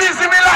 bismillah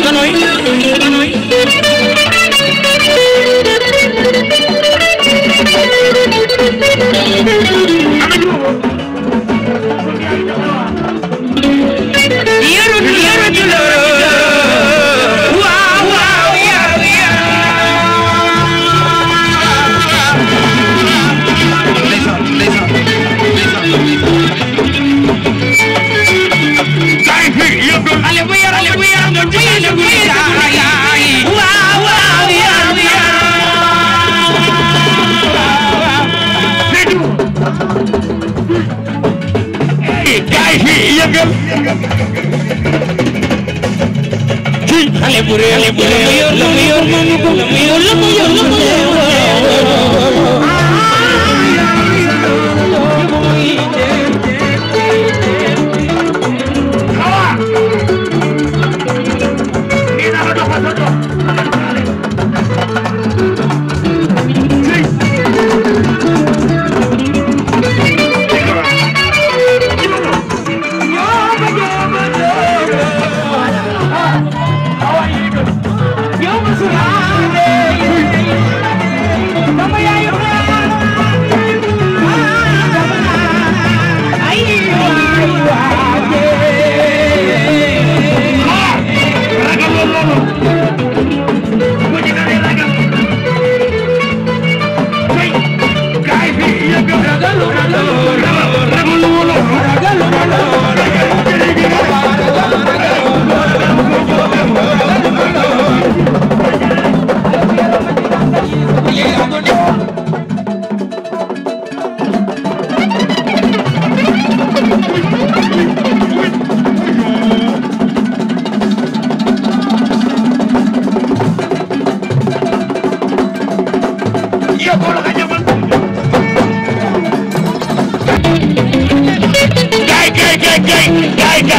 Danoy yor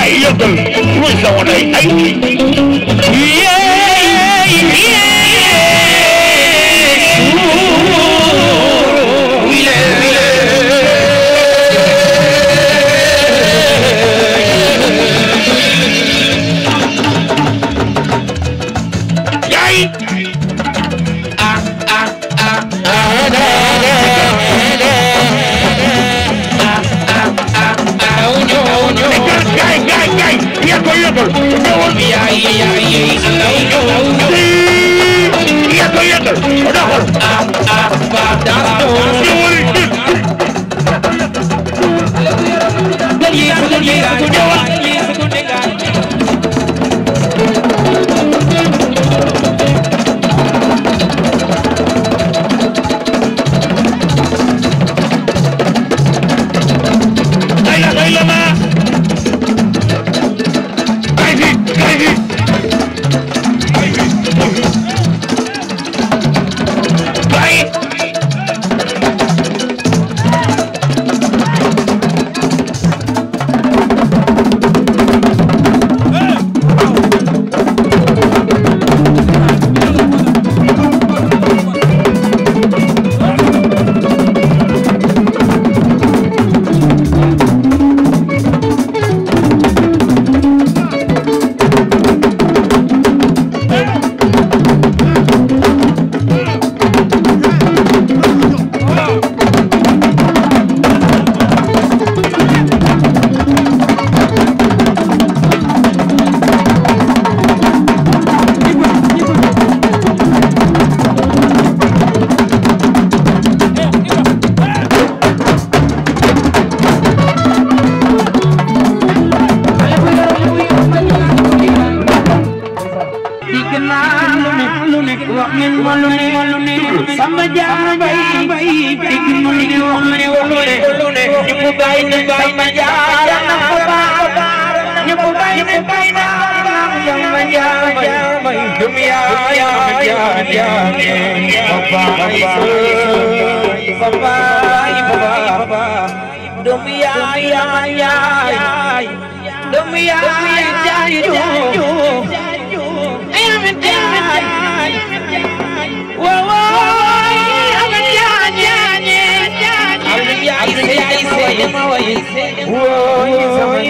yaay yëgal muy sama day ay a a Yes, yes, yes.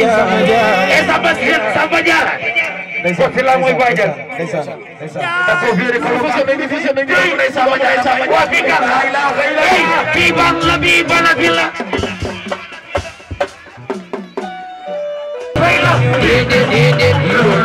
esa masjid sama jarak Kok sila mo ibajal? Ako biri ko lang sa beneficio ng Diyos na isama niya, isama niya. Wagi ka! Hey! Bibang la, biba na bila! Baila! Dede, dede, dede,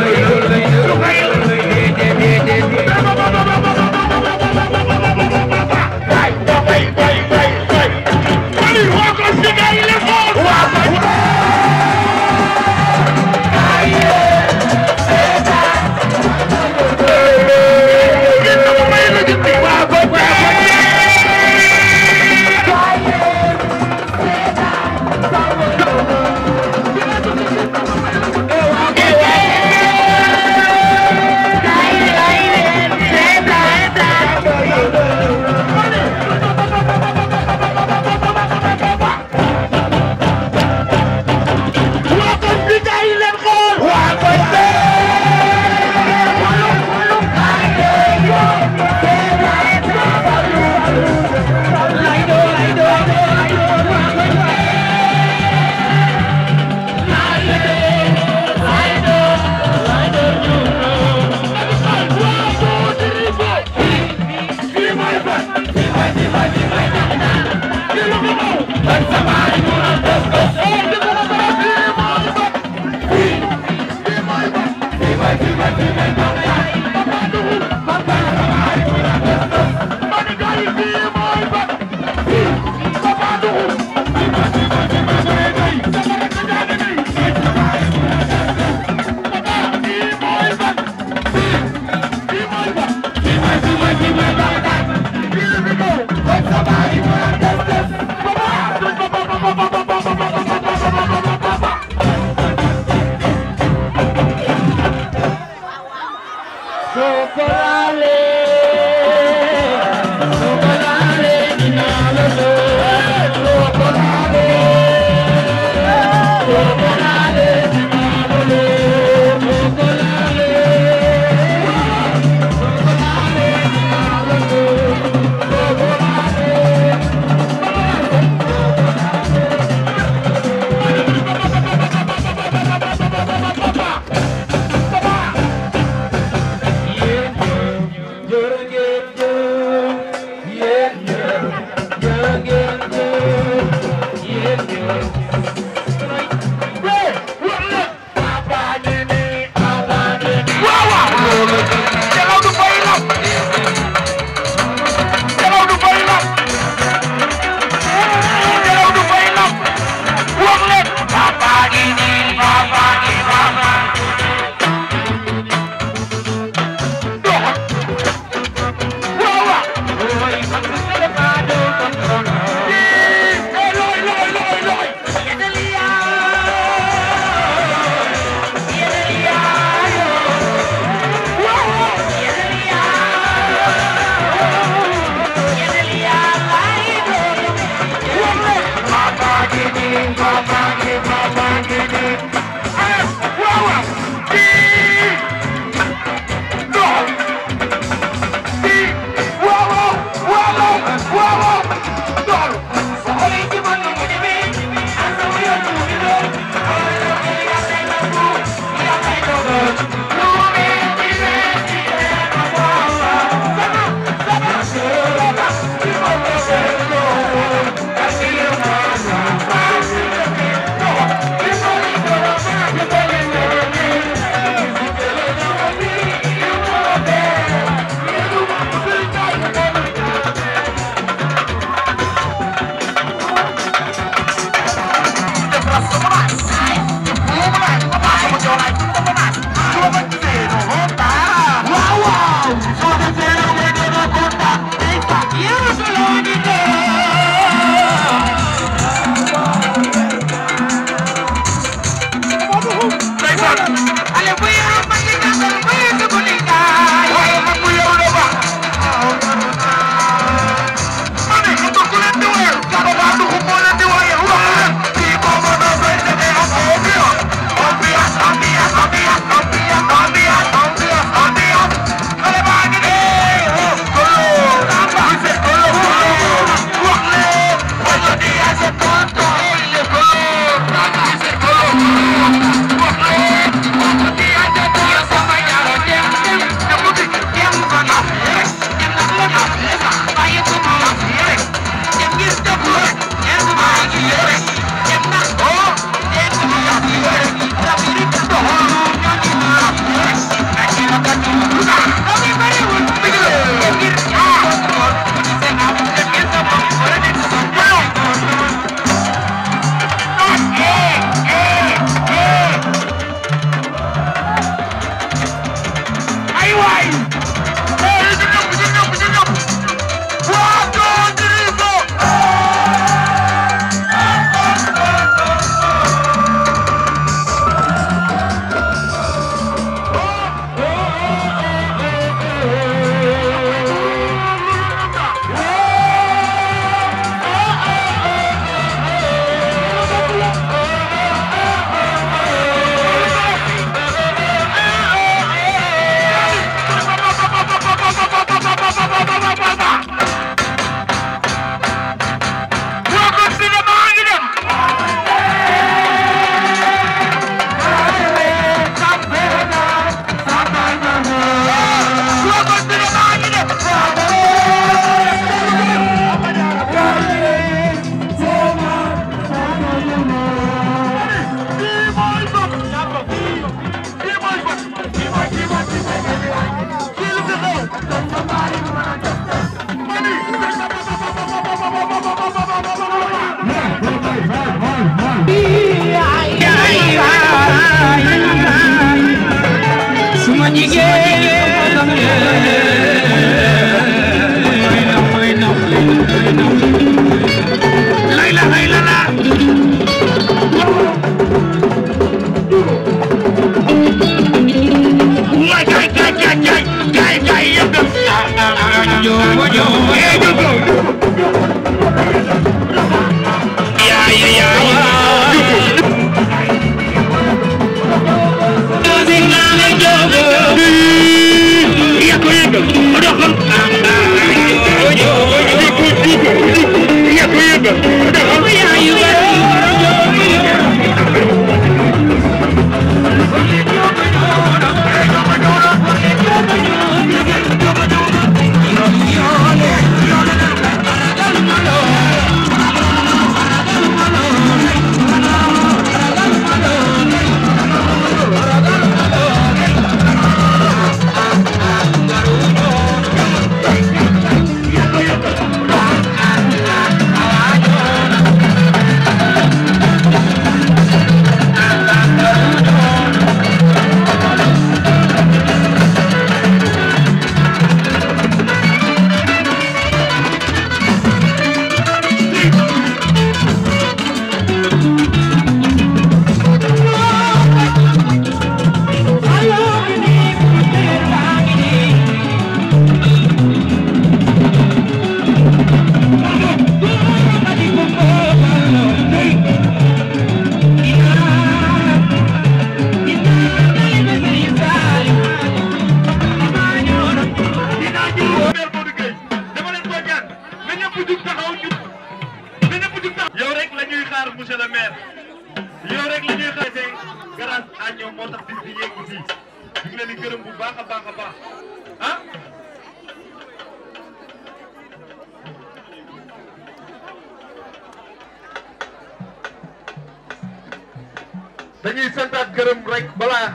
dañuy santaat gërëm rek balaa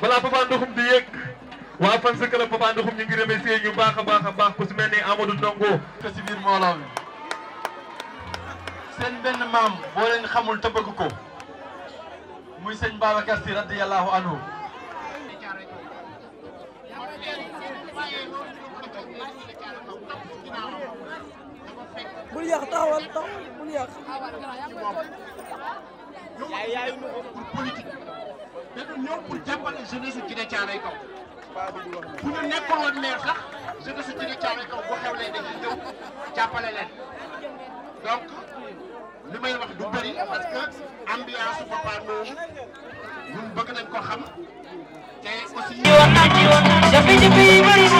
balaa Papa Ndoxum di yëg waa fan sa club Papa ñu ngi remercier baax a baax a baax ku si mel ni Amadou Ndongo. te si biir mbooloo mi seen benn maam boo leen xamul te anhu ñëw pour politique dañu ñëw pour jàppale jeunesse su Djidah Thiaroye Kaw bu ñu nekkoon woon maire sax jeunesse su Djidah Thiaroye Kaw boo xewlee dañuy ñëw jàppale leen donc li may wax du bëri parce que ambiance Papa Ndoo ñun ko xam te aussi.